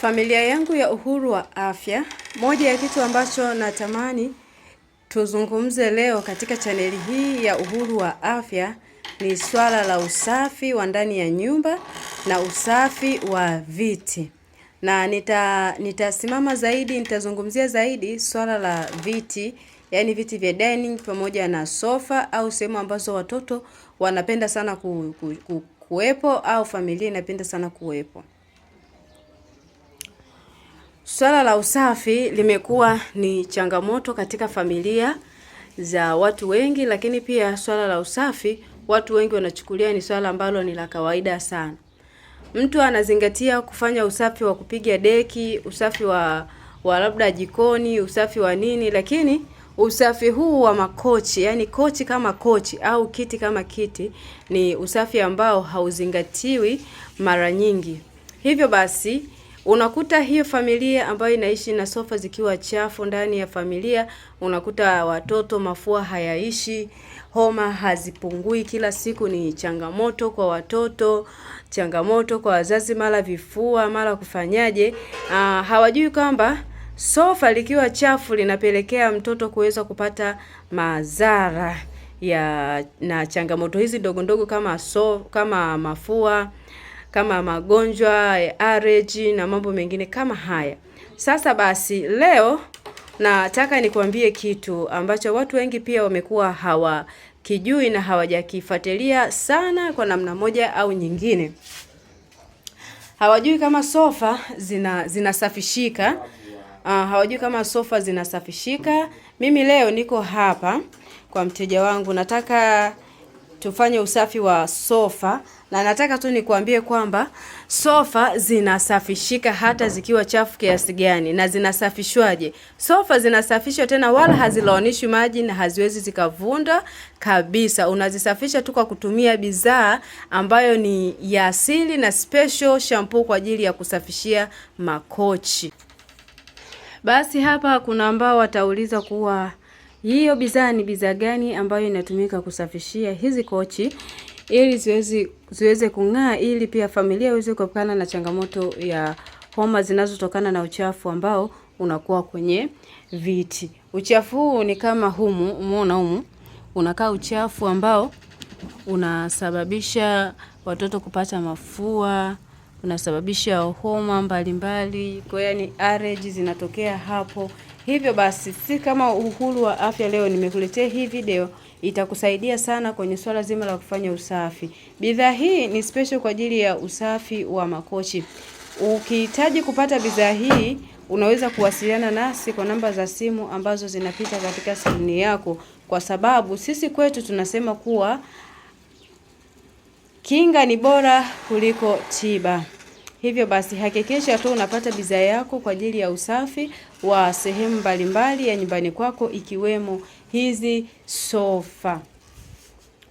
Familia yangu ya Uhuru wa Afya, moja ya kitu ambacho natamani tuzungumze leo katika chaneli hii ya Uhuru wa Afya ni swala la usafi wa ndani ya nyumba na usafi wa viti, na nita nitasimama zaidi, nitazungumzia zaidi swala la viti, yaani viti vya dining pamoja na sofa au sehemu ambazo watoto wanapenda sana ku, ku, ku, kuwepo au familia inapenda sana kuwepo. Swala la usafi limekuwa ni changamoto katika familia za watu wengi, lakini pia swala la usafi watu wengi wanachukulia ni swala ambalo ni la kawaida sana. Mtu anazingatia kufanya usafi wa kupiga deki, usafi wa wa labda jikoni, usafi wa nini, lakini usafi huu wa makochi, yani kochi kama kochi au kiti kama kiti, ni usafi ambao hauzingatiwi mara nyingi. Hivyo basi Unakuta hiyo familia ambayo inaishi na sofa zikiwa chafu ndani ya familia, unakuta watoto mafua hayaishi, homa hazipungui, kila siku ni changamoto kwa watoto, changamoto kwa wazazi, mara vifua, mara kufanyaje. Aa, ah, hawajui kwamba sofa likiwa chafu linapelekea mtoto kuweza kupata madhara ya na changamoto hizi ndogo ndogo kama so, kama mafua kama magonjwa ya allergy na mambo mengine kama haya. Sasa basi leo nataka nikuambie kitu ambacho watu wengi pia wamekuwa hawakijui na hawajakifuatilia sana kwa namna moja au nyingine. Hawajui kama sofa zina zinasafishika. Uh, hawajui kama sofa zinasafishika. Mimi leo niko hapa kwa mteja wangu, nataka tufanye usafi wa sofa na nataka tu nikuambie kwamba sofa zinasafishika hata zikiwa chafu kiasi gani, na zinasafishwaje? Sofa zinasafishwa tena, wala hazilaonishi maji na haziwezi zikavunda kabisa. Unazisafisha tu kwa kutumia bidhaa ambayo ni ya asili na special shampoo kwa ajili ya kusafishia makochi. Basi hapa kuna ambao watauliza kuwa hiyo bidhaa ni bidhaa gani ambayo inatumika kusafishia hizi kochi? ili ziweze ziweze kung'aa, ili pia familia iweze kuepukana na changamoto ya homa zinazotokana na uchafu ambao unakuwa kwenye viti. Uchafu huu ni kama humu, umeona humu unakaa uchafu ambao unasababisha watoto kupata mafua, unasababisha homa mbalimbali, kwa yaani allergy zinatokea hapo. Hivyo basi, si kama Uhuru wa Afya leo nimekuletea hii video itakusaidia sana kwenye swala zima la kufanya usafi. Bidhaa hii ni special kwa ajili ya usafi wa makochi. Ukihitaji kupata bidhaa hii unaweza kuwasiliana nasi kwa namba za simu ambazo zinapita katika skrini yako, kwa sababu sisi kwetu tunasema kuwa kinga ni bora kuliko tiba. Hivyo basi hakikisha tu unapata bidhaa yako kwa ajili ya usafi wa sehemu mbalimbali ya nyumbani kwako ikiwemo hizi sofa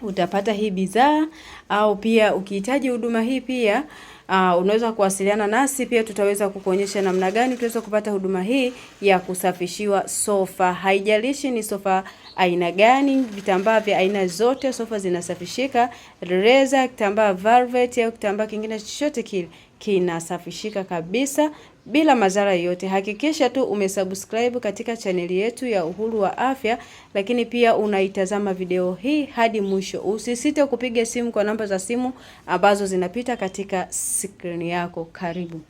utapata hii bidhaa au pia ukihitaji huduma hii pia uh, unaweza kuwasiliana nasi pia, tutaweza kukuonyesha namna gani utaweza kupata huduma hii ya kusafishiwa sofa. Haijalishi ni sofa aina gani, vitambaa vya aina zote, sofa zinasafishika, reza, kitambaa velvet au kitambaa kingine chochote kile kinasafishika kabisa bila madhara yoyote. Hakikisha tu umesubscribe katika chaneli yetu ya Uhuru wa Afya, lakini pia unaitazama video hii hadi mwisho. Usisite kupiga simu kwa namba za simu ambazo zinapita katika skrini yako. Karibu.